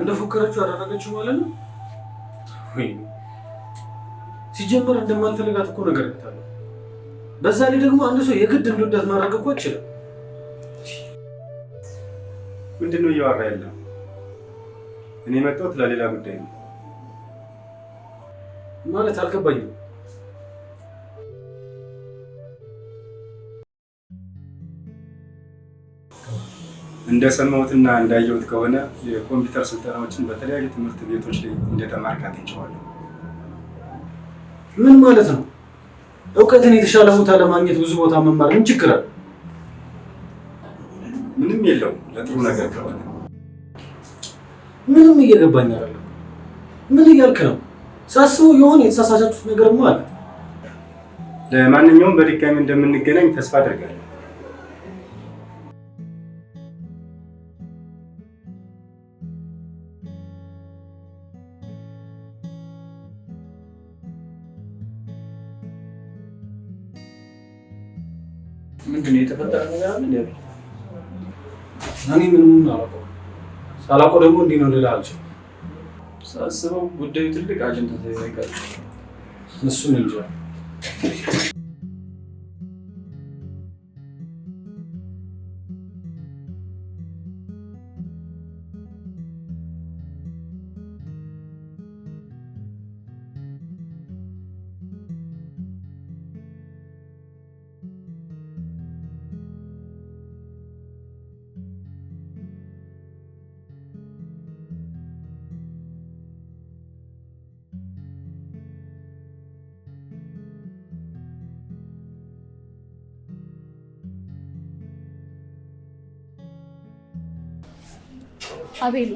እንደ ፎከረችው አደረገችው ማለት ነው። ወይ ሲጀመር እንደማልፈልጋት እኮ ነገር ያታለሁ። በዛ ላይ ደግሞ አንድ ሰው የግድ እንድወዳት ማድረግ እኮ አይችልም። ምንድን ነው እያወራ ያለው? እኔ መጣሁት ለሌላ ጉዳይ ነው ማለት አልገባኝም። እንደሰማሁትና እንዳየሁት ከሆነ የኮምፒውተር ስልጠናዎችን በተለያዩ ትምህርት ቤቶች ላይ እንደተማርክ አግኝቼዋለሁ። ምን ማለት ነው? እውቀትን የተሻለ ቦታ ለማግኘት ብዙ ቦታ መማር ምን ችግር አለ? ምንም የለው። ለጥሩ ነገር ከሆነ ምንም እየገባኝ አለ። ምን እያልክ ነው? ሳስቡ የሆነ የተሳሳቻችሁት ነገርማ አለ። ለማንኛውም በድጋሚ እንደምንገናኝ ተስፋ አድርጋለ?። ምንድን ነው የተፈጠረ ነገር አለ እኔ ምንም አላውቀውም። ሳላውቀው ደግሞ እንዲህ ነው ልልህ አልችልም። ሳስበው ጉዳዩ ትልቅ አጀንዳ ተይዞ ይቀር እሱን እንጂ አቤሉ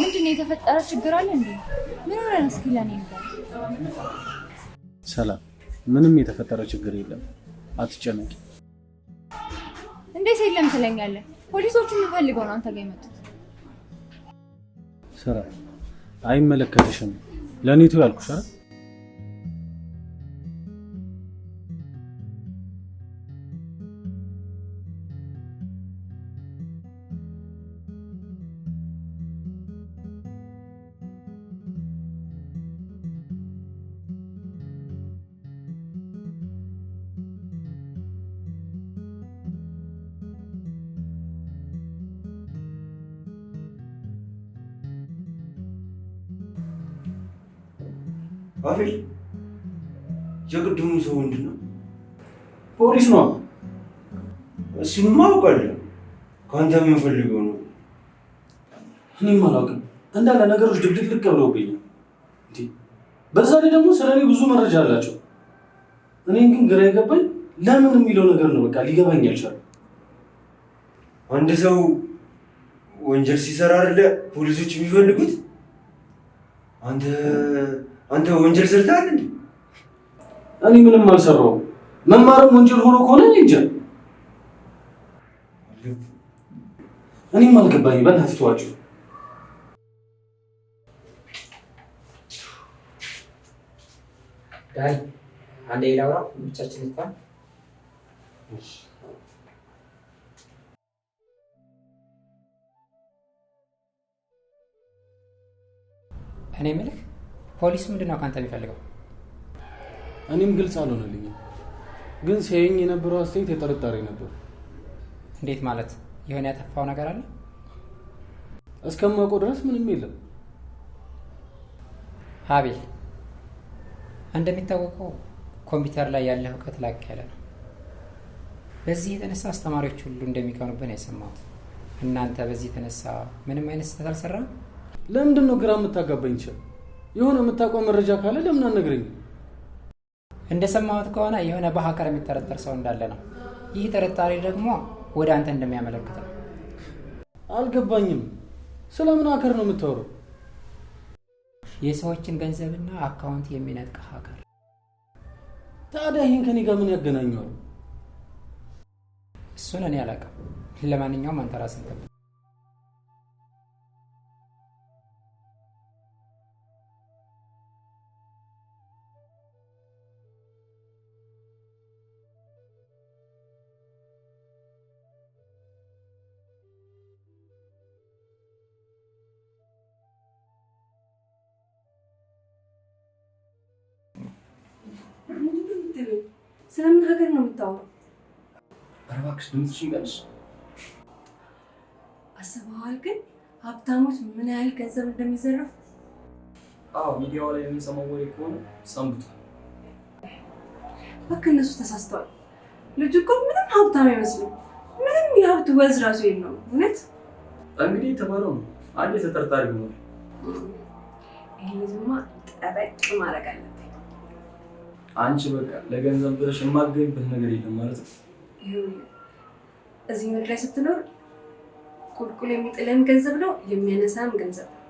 ምንድን ነው የተፈጠረ? ችግር አለ እንዴ? ምን ሆነ? እስኪ ለኔ ሰላም፣ ምንም የተፈጠረ ችግር የለም፣ አትጨነቂ። እንዴት የለም ትለኛለህ? ፖሊሶቹ ፈልገው ነው አንተ ጋር የመጡት። ስራ አይመለከትሽም ለኔቱ ያልኩሽ ትንሽ ነው። እሱንማ አውቃለሁ። ከአንተ የምንፈልገው ነው። እኔም አላውቅም። እንዳለ ነገሮች ድብልቅልቅ ብለውብኛል። በዛ ላይ ደግሞ ስለ እኔ ብዙ መረጃ አላቸው። እኔን ግን ግራ የገባኝ ለምን የሚለው ነገር ነው። በቃ ሊገባኝ አልቻለም። አንድ ሰው ወንጀል ሲሰራ አይደለ ፖሊሶች የሚፈልጉት? አንተ አንተ ወንጀል ሰርተሃል እንዴ? እኔ ምንም አልሰራውም። መማርም ወንጀል ሆኖ ከሆነ እንጃ። እኔም አልገባኝም። በእናትህ ተዋችሁ። ዳይ አንዴ ይላውራ ብቻችን እንኳን እኔ ምልህ ፖሊስ ምንድን ነው ከአንተ የሚፈልገው? እኔም ግልጽ አልሆነልኝም። ግን ሲያየኝ የነበረው አስተያየት የጠርጣሪ ነበር። እንዴት ማለት? የሆነ ያጠፋው ነገር አለ? እስከማውቀው ድረስ ምንም የለም። አቤል፣ እንደሚታወቀው ኮምፒውተር ላይ ያለ እውቀት ላቅ ያለ ነው። በዚህ የተነሳ አስተማሪዎች ሁሉ እንደሚቀኑብን የሰማሁት። እናንተ በዚህ የተነሳ ምንም አይነት ስህተት አልሰራም? ለምንድን ነው ግራ የምታጋባኝ? ይችል የሆነ የምታውቀው መረጃ ካለ ለምን አነግረኝ? እንደሰማሁት ከሆነ የሆነ በሀከር የሚጠረጠር ሰው እንዳለ ነው። ይህ ጥርጣሬ ደግሞ ወደ አንተ እንደሚያመለክት ነው። አልገባኝም። ስለምን ሀከር ነው የምታወረው? የሰዎችን ገንዘብና አካውንት የሚነጥቅ ሀከር። ታዲያ ይህን ከኔ ጋር ምን ያገናኘዋል? እሱን እኔ አላውቅም። ለማንኛውም አንተ ራስን እባክሽ ድምፅሽን ቀንሽ። አስበዋል ግን ሀብታሞች ምን ያህል ገንዘብ እንደሚዘርፉ? አዎ ሚዲያው ላይ የምንሰማው ወሬ ከሆነ ሰንብቷል። እባክህ እነሱ ተሳስተዋል። ልጁ እኮ ምንም ሀብታም አይመስልም። ምንም የሀብት ወዝ ራሱ የለውም። እውነት እንግዲህ የተባለው ነው። አንድ ተጠርጣሪ ሆኗል። ይህ ጠበቅ ማድረግ አለብኝ። አንቺ በቃ ለገንዘብ ብለሽ የማገኝበት ነገር የለም ማለት ነው። እዚህ ምድር ላይ ስትኖር ቁልቁል የሚጥለን ገንዘብ ነው፣ የሚያነሳም ገንዘብ ነው።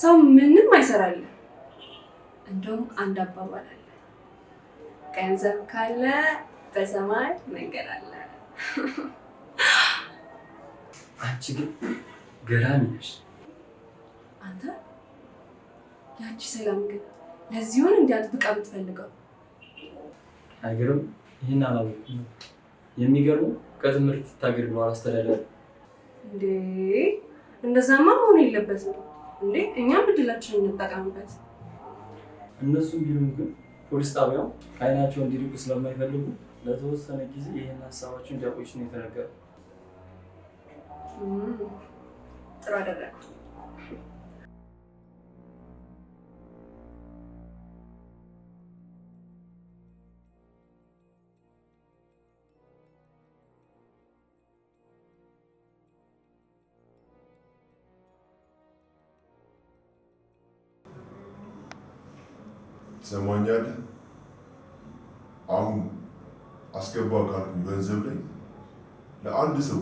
ሰው ምንም አይሰራልም። እንደውም አንድ አባባል አለ፣ ገንዘብ ካለ በሰማይ መንገድ አለ። አንቺ ግን ገራሚ ነሽ። አንተ ያቺ ሰላም ግን ለዚሁን እንዲያጥብቃ ብትፈልገው አይገርም? ይህን ነው የሚገርሙ ከትምህርት ታገድነዋል አስተዳደር እንዴ! እንደዛማ መሆን የለበትም እንዴ! እኛም እድላችንን እንጠቀምበት። እነሱ ቢሉም ግን ፖሊስ ጣቢያው አይናቸው እንዲርቁ ስለማይፈልጉ ለተወሰነ ጊዜ ይህን ሀሳባቸው እንዲያቆዩ ነው የተነገረው። ጥሩ አደረግኩ። ትሰማኛለህ? አሁን አስገባ ካልኩኝ ገንዘብ ላይ ለአንድ ሰው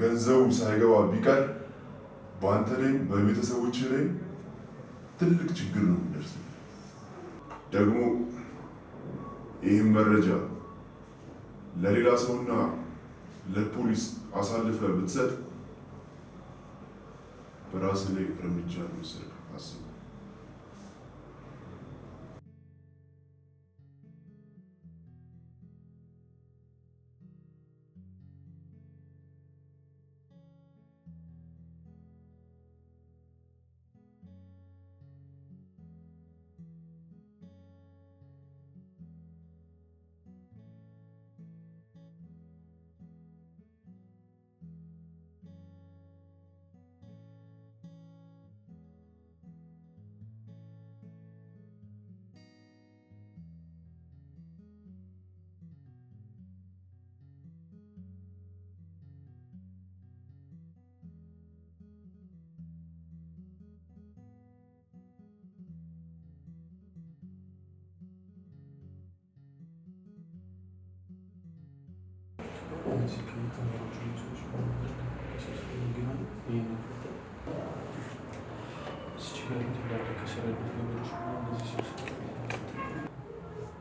ገንዘቡ ሳይገባ ቢቀር በአንተ ላይም በቤተሰቦች ላይም ትልቅ ችግር ነው የሚደርስ። ደግሞ ይህም መረጃ ለሌላ ሰውና ለፖሊስ አሳልፈ ብትሰጥ በራስ ላይ እርምጃ ነው ስልክ አስብ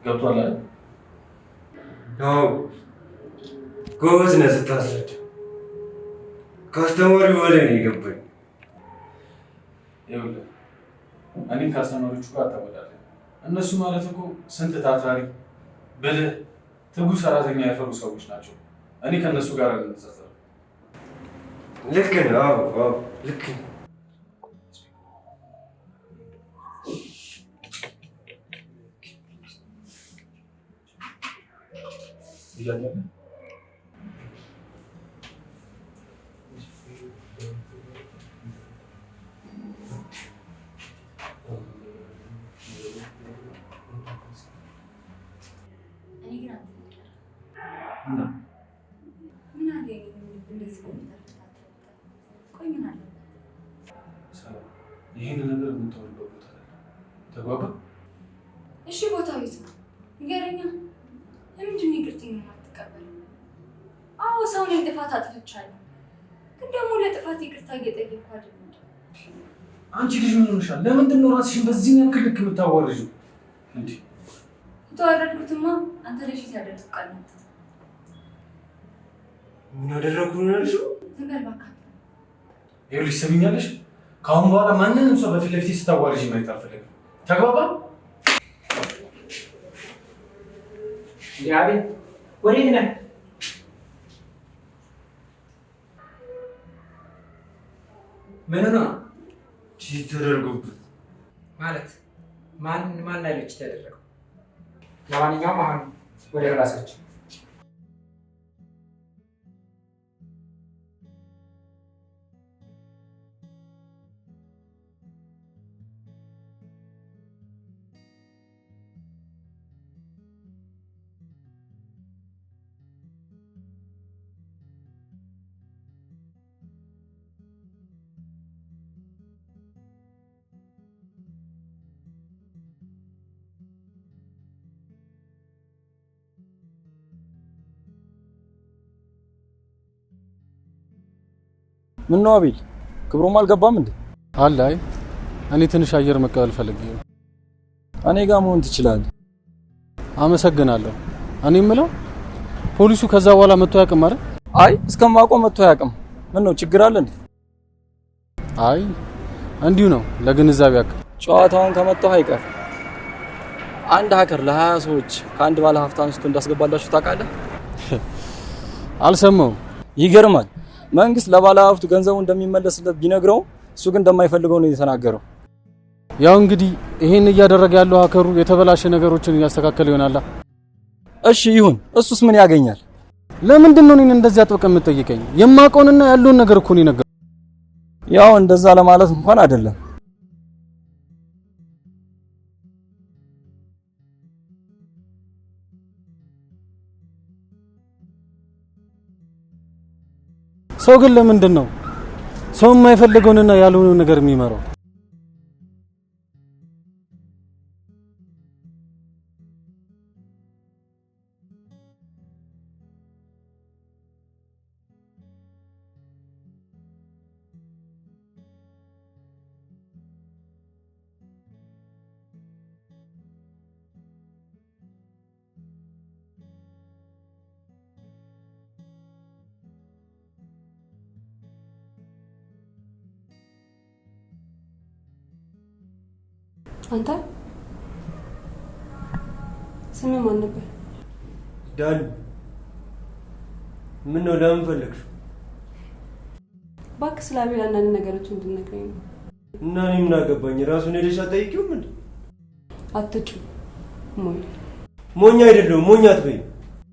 ገብቷል አዎ ጎበዝ ነህ ስታስረዳ። ካስተማሪው ወደ እኔ የገባኝ ይኸውልህ፣ እኔ ከአስተማሪዎቹ ጋር አታወዳለህ። እነሱ ማለት እኮ ስንት ታታሪ ብልህ፣ ትጉህ ሰራተኛ ያፈሩ ሰዎች ናቸው። اني كان نسوق على المسافر لكن اه اه لكن يلا እየጠየኩ አንቺ ልጅ ምን ሆነሻል? ለምንድን ነው ራስሽን በዚህ ያክል ልክ የምታዋርጂው? እንዴ የተዋረድኩትማ አንተ ልጅ ያደረግኩ ቃል ነው። ምን አደረግኩ ነው ልጅ? ይኸውልሽ፣ ሰሚኛለሽ? ከአሁን በኋላ ማንንም ሰው በፊት ለፊት ስታዋርጂ ማየት አልፈለግም። ተግባባ? ወዴት ነህ? ምን ነው ተደርጎበት ማለት ማን ማን ላይ ነው ተደረገው? ለማንኛውም አሁን ወደ ራሳቸው ምን ነው አቤል፣ ክብሮም አልገባም እንዴ? አለ። አይ እኔ ትንሽ አየር መቀበል ፈልጌ ነው። እኔ ጋር መሆን ትችላለህ። አመሰግናለሁ። እኔ የምለው ፖሊሱ ከዛ በኋላ መጥቶ አያውቅም አይደል? አይ እስከማውቀው መጥቶ አያውቅም። ምን ነው ችግር አለ እንዴ? አይ እንዲሁ ነው ለግንዛቤ ያክል። ጨዋታውን ከመጣሁ አይቀር አንድ ሀከር ለሀያ ሰዎች ከአንድ ባለ ሀብት አንስቶ እንዳስገባላችሁ ታውቃለህ? አልሰማሁም። ይገርማል። መንግስት ለባለሀብቱ ገንዘቡ እንደሚመለስለት ቢነግረው እሱ ግን እንደማይፈልገው ነው የተናገረው። ያው እንግዲህ ይሄን እያደረገ ያለው ሀከሩ የተበላሸ ነገሮችን እያስተካከለ ይሆናላ። እሺ ይሁን። እሱስ ምን ያገኛል? ለምንድን ነው እኔን እንደዚህ አጥብቀህ የምትጠይቀኝ? የማውቀውንና ያለውን ነገር እኮ ነው የነገረው። ያው እንደዛ ለማለት እንኳን አይደለም ሰው ግን ለምንድን ነው ሰው የማይፈልገውንና ያልሆነ ነገር የሚመራው? አንተ ስም ማን ነበር? ዳሉ። ምን ነው? ለምን ፈለግሽው? እባክህ ስለ አቤል አንዳንድ ነገሮች እንድነግረኝ ነው። እና እኔ ምን አገባኝ? ራሱን ሄደሽ አጠይቂውም ምን አትጩ። ሞኝ ሞኝ አይደለሁም። ሞኝ አትበይ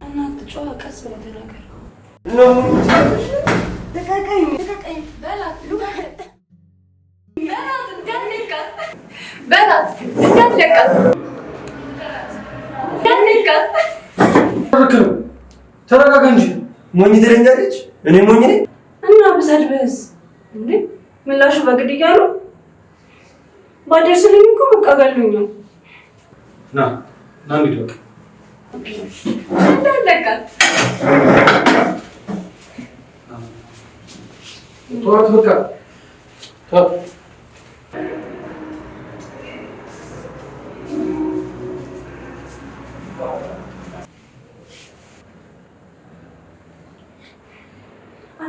እና አትጩ። ቀስ ብለህ ተናገር ነው። ተረጋጋ እንጂ ሞኝ ትለኛለች። እኔ ሞኝ ነኝ እና ብሳድ በስ እንዴ ምላሹ በግድያ ነው። ባደርስልኝ እኮ በቃ ገሉኛል። ና ና እንሂድ ተዋት በቃ ተዋት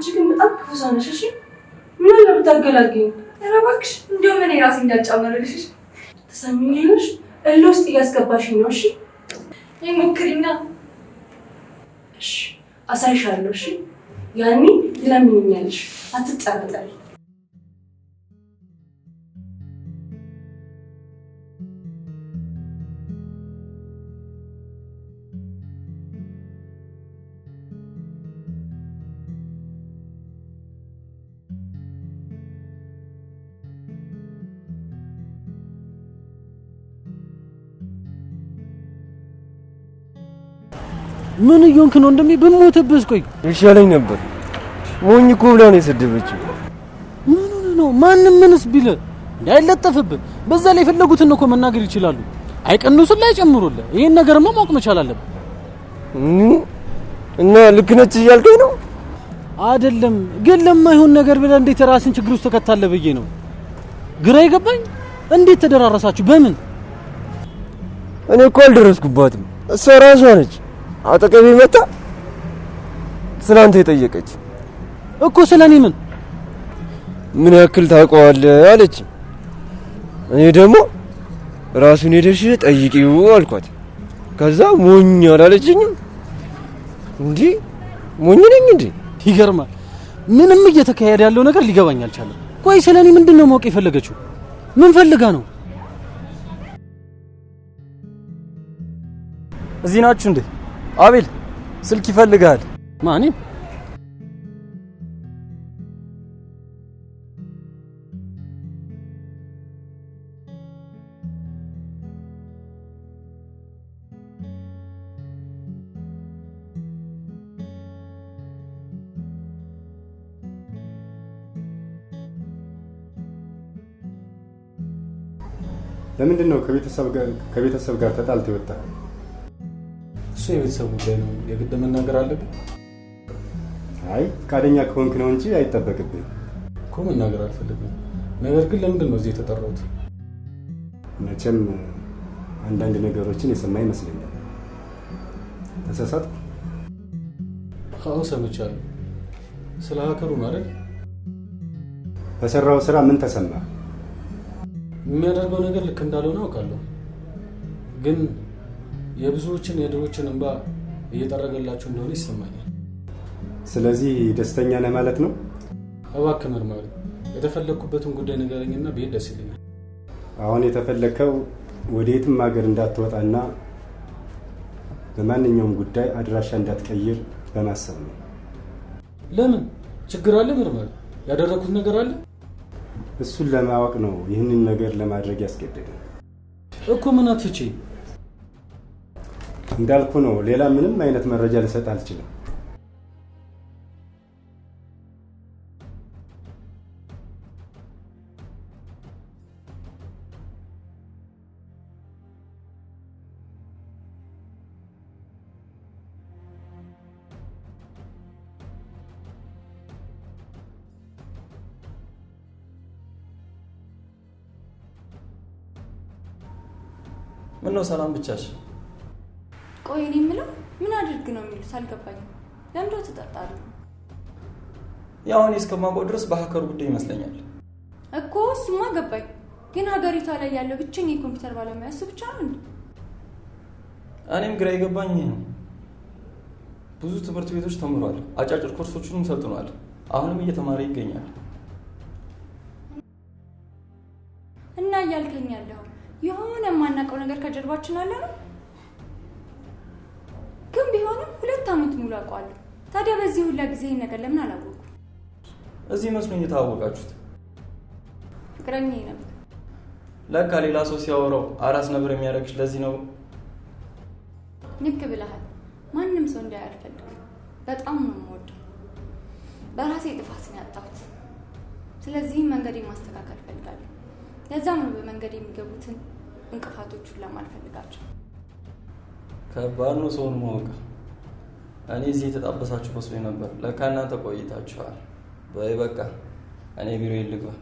አንቺ ግን በጣም ክፉ ሰው ነሽ። እሺ ምን አለ ብታገላግኝ። ኧረ እባክሽ እንደውም እኔ ራሴ እንዳጫመረልሽ ተሰሚኝልሽ። እልህ ውስጥ እያስገባሽኝ ነው። እሺ ይሞክሪና፣ እሺ አሳይሻለሁ። እሺ ያኔ ትለምኝኛለሽ። አትጠራጠሪ። ምን እየሆንክ ነው? እንደሚ ብሞትብስ ቆይ ይሻለኝ ነበር። ሞኝ እኮ ብላ ነው የሰደበችው። ምን ነው ማንም ምንስ ቢለ እንዳይለጠፍብን። በዛ ላይ የፈለጉትን እኮ መናገር ይችላሉ። አይቀንሱ ላይ ጨምሩልህ። ይሄን ነገርማ ማወቅ መቻል አለብን። እና ልክ ነች እያልከኝ ነው አይደለም? ግን ለማይሆን ነገር ብለህ እንዴት ራስን ችግር ውስጥ ተከታለ ብዬ ነው ግራ የገባኝ። እንዴት ተደራረሳችሁ? በምን እኔ እኮ አልደረስኩባትም። እሷ ራሷ ነች አጠገቤ መጣ። ስላንተ የጠየቀች እኮ ስለኔ ምን ምን ያክል ታውቀዋለህ አለች። እኔ ደግሞ ራሱን ሄደሽ ጠይቂው አልኳት። ከዛ ሞኝ አላለችኝም። እንዲህ ሞኝ ነኝ እንዴ? ይገርማል። ምንም እየተካሄደ ያለው ነገር ሊገባኝ አልቻለም። ቆይ ስለኔ ምንድን ነው ማወቅ የፈለገችው? ምን ፈልጋ ነው? እዚህ ናችሁ እንዴ? አቤል ስልክ ይፈልጋል። ማን? ለምንድን ነው ከቤተሰብ ጋር ተጣልተህ ወጣህ? እሱ የቤተሰብ ጉዳይ ነው፣ የግድ መናገር አለብን። አይ ፈቃደኛ ከሆንክ ነው እንጂ አይጠበቅብኝ እኮ መናገር አልፈልግም። ነገር ግን ለምንድን ነው እዚህ የተጠራሁት? መቼም አንዳንድ ነገሮችን የሰማ ይመስለኛል። ተሳሳት? አዎ ሰምቻለሁ። ስለ ሀከሩ ማለት በሰራው ስራ ምን ተሰማ? የሚያደርገው ነገር ልክ እንዳልሆነ አውቃለሁ ግን የብዙዎችን የድሆችን እንባ እየጠረገላችሁ እንደሆነ ይሰማኛል። ስለዚህ ደስተኛ ነህ ማለት ነው? እባክህ መርማሪ፣ የተፈለግኩበትን ጉዳይ ንገረኝና ብሄድ ደስ ይለኛል። አሁን የተፈለግከው ወደ የትም ሀገር እንዳትወጣና በማንኛውም ጉዳይ አድራሻ እንዳትቀይር በማሰብ ነው። ለምን? ችግር አለ መርማሪ? ያደረግኩት ነገር አለ? እሱን ለማወቅ ነው ይህንን ነገር ለማድረግ ያስገደደ እኮ ምን አትፍቼ እንዳልኩ ነው። ሌላ ምንም አይነት መረጃ ልሰጥ አልችልም። ምነው ሰላም ብቻሽ ቆይ እኔ የምለው ምን አድርግ ነው የሚሉት? አልገባኝም። ለምዶ ትጠጣሉ? ያው እኔ እስከማውቀው ድረስ በሀከሩ ጉዳይ ይመስለኛል እኮ። እሱማ ገባኝ፣ ግን ሀገሪቷ ላይ ያለው ብቸኛ የኮምፒውተር ባለሙያ እሱ ብቻ ነው። እኔም ግራ የገባኝ ነው። ብዙ ትምህርት ቤቶች ተምሯል፣ አጫጭር ኮርሶችንም ሰልጥኗል። አሁንም እየተማረ ይገኛል። እና እያልከኝ ያለው የሆነ የማናውቀው ነገር ከጀርባችን አለ ነው ግን ቢሆንም ሁለት ዓመት ሙሉ አውቀዋለሁ። ታዲያ በዚህ ሁላ ጊዜ ይህን ነገር ለምን አላወቁ? እዚህ መስሎኝ የተዋወቃችሁት ፍቅረኛ ነበር። ለካ ሌላ ሰው ሲያወራው አራስ ነብር የሚያደርግሽ ለዚህ ነው። ልክ ብለሃል። ማንም ሰው እንዳያይ አልፈልግም። በጣም ነው የምወደው። በራሴ ጥፋት ነው ያጣሁት። ስለዚህም መንገዴ ማስተካከል እፈልጋለሁ። ለዛም ነው በመንገድ የሚገቡትን እንቅፋቶቹን ለማልፈልጋቸው ከባድ ነው ሰውን ማወቅ። እኔ እዚህ የተጣበሳችሁ መስሎኝ ነበር። ለካ እናንተ ቆይታችኋል። በይ በቃ እኔ ቢሮ ይልግባ